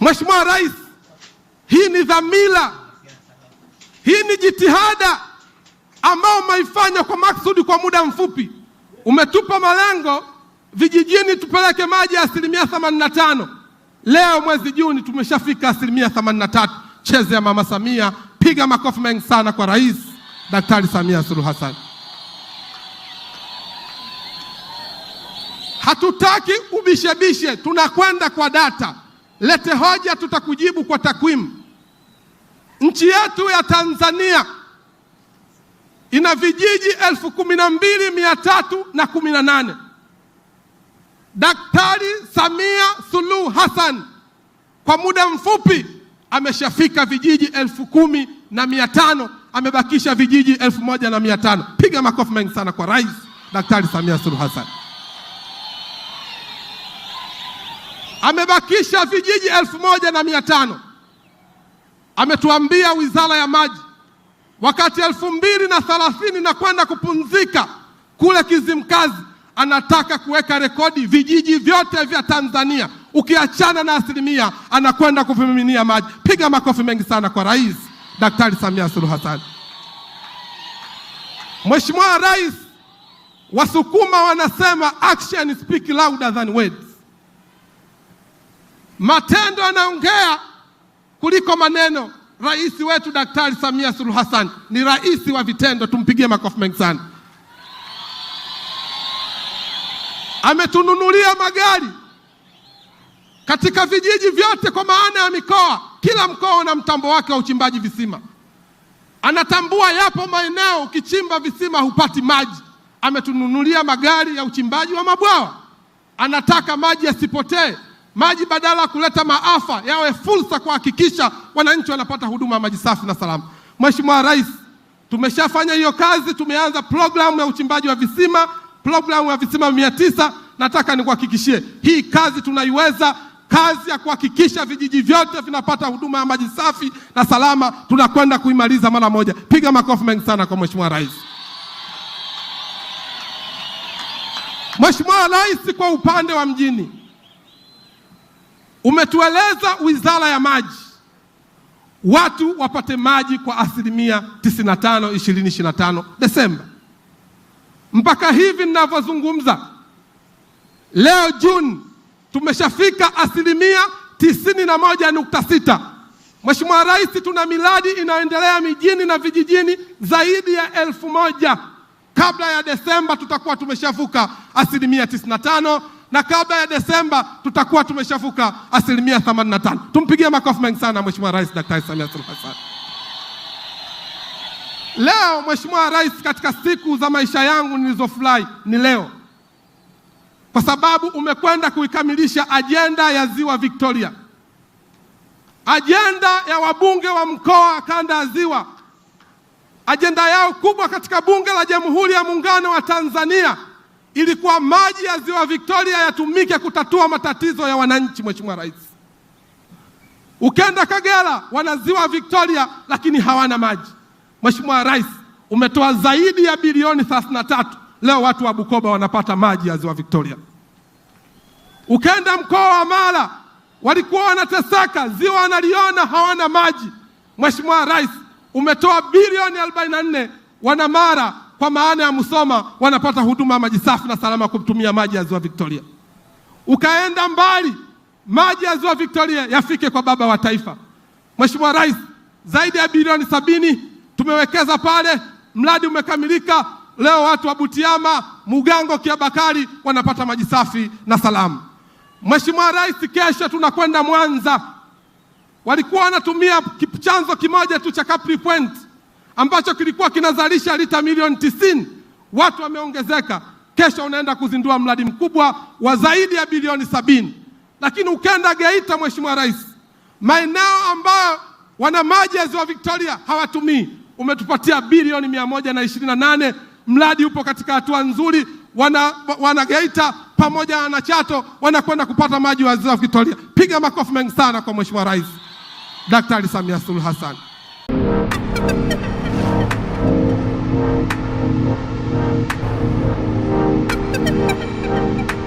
Mheshimiwa Rais, hii ni dhamira, hii ni jitihada ambayo umeifanya kwa maksudi kwa muda mfupi. Umetupa malengo vijijini tupeleke maji ya asilimia 85. Leo mwezi Juni tumeshafika asilimia 83. Cheze ya Mama Samia, piga makofi mengi sana kwa Rais Daktari Samia Suluhu Hassan. Hatutaki ubishebishe, tunakwenda kwa data. Lete hoja, tutakujibu kwa takwimu. Nchi yetu ya Tanzania ina vijiji elfu kumi na mbili mia tatu na kumi na nane. Daktari Samia Suluhu Hassan kwa muda mfupi ameshafika vijiji elfu kumi na mia tano amebakisha vijiji elfu moja na mia tano. Piga makofi mengi sana kwa Rais Daktari Samia Suluhu Hassan. amebakisha vijiji elfu moja na mia tano. Ametuambia wizara ya maji, wakati elfu mbili na thalathini na kwenda kupumzika kule Kizimkazi, anataka kuweka rekodi vijiji vyote vya Tanzania, ukiachana na asilimia, anakwenda kuvimiminia maji. Piga makofi mengi sana kwa Rais Daktari Samia Suluhu Hassan. Mheshimiwa Rais, Wasukuma wanasema action speak louder than words. Matendo yanaongea kuliko maneno. Rais wetu Daktari Samia Suluhu Hassan ni rais wa vitendo, tumpigie makofi mengi sana. Ametununulia magari katika vijiji vyote kwa maana ya mikoa. Kila mkoa una mtambo wake wa uchimbaji visima. Anatambua yapo maeneo ukichimba visima hupati maji. Ametununulia magari ya uchimbaji wa mabwawa, anataka maji yasipotee. Maji badala ya kuleta maafa yawe fursa kuhakikisha wananchi wanapata huduma ya maji safi na salama. Mheshimiwa Rais, tumeshafanya hiyo kazi, tumeanza programu ya uchimbaji wa visima, programu ya visima mia tisa. Nataka nikuhakikishie hii kazi tunaiweza, kazi ya kuhakikisha vijiji vyote vinapata huduma ya maji safi na salama, tunakwenda kuimaliza mara moja. Piga makofi mengi sana kwa Mheshimiwa Rais. Mheshimiwa Rais, kwa upande wa mjini Umetueleza wizara ya maji watu wapate maji kwa asilimia 95 2025 Desemba. Mpaka hivi ninavyozungumza leo Juni tumeshafika asilimia 91.6. Mheshimiwa Rais, tuna miradi inaendelea mijini na vijijini zaidi ya elfu moja. Kabla ya Desemba tutakuwa tumeshavuka asilimia 95 na kabla ya Desemba tutakuwa tumeshavuka asilimia 85. Tumpigie makofi mengi sana Mheshimiwa Rais Daktari Samia Suluhu Hassan. Leo Mheshimiwa Rais, katika siku za maisha yangu nilizofurahi ni leo, kwa sababu umekwenda kuikamilisha ajenda ya Ziwa Victoria, ajenda ya wabunge wa mkoa kanda ya Ziwa, ajenda yao kubwa katika Bunge la Jamhuri ya Muungano wa Tanzania ilikuwa maji ya ziwa Victoria yatumike kutatua matatizo ya wananchi, Mheshimiwa Rais. Ukenda Kagera wana ziwa Victoria lakini hawana maji. Mheshimiwa Rais, umetoa zaidi ya bilioni 33 leo watu wa Bukoba wanapata maji ya ziwa Victoria. Ukenda mkoa wa Mara walikuwa wanateseka, ziwa wanaliona hawana maji. Mheshimiwa Rais, umetoa bilioni 44 wana Mara kwa maana ya Musoma wanapata huduma ya maji safi na salama kutumia maji ya ziwa Victoria. Ukaenda mbali, maji ya ziwa Victoria yafike kwa baba wa taifa Mheshimiwa Rais, zaidi ya bilioni sabini tumewekeza pale, mradi umekamilika. Leo watu wa Butiama, Mugango, Kiabakari wanapata maji safi na salama. Mheshimiwa Rais, kesho tunakwenda Mwanza. Walikuwa wanatumia chanzo kimoja tu cha Capri Point ambacho kilikuwa kinazalisha lita milioni tisini, watu wameongezeka. Kesho unaenda kuzindua mradi mkubwa wa zaidi ya bilioni sabini. Lakini ukenda Geita, Mheshimiwa Rais, maeneo ambayo wana maji ya Ziwa Victoria hawatumii, umetupatia bilioni mia moja na ishirini na nane. Mradi upo katika hatua nzuri, wana, wana Geita pamoja na Chato wanakwenda kupata maji wa Ziwa Victoria. Piga makofi mengi sana kwa Mheshimiwa Rais Daktari Samia Suluhu Hassan. Thank you.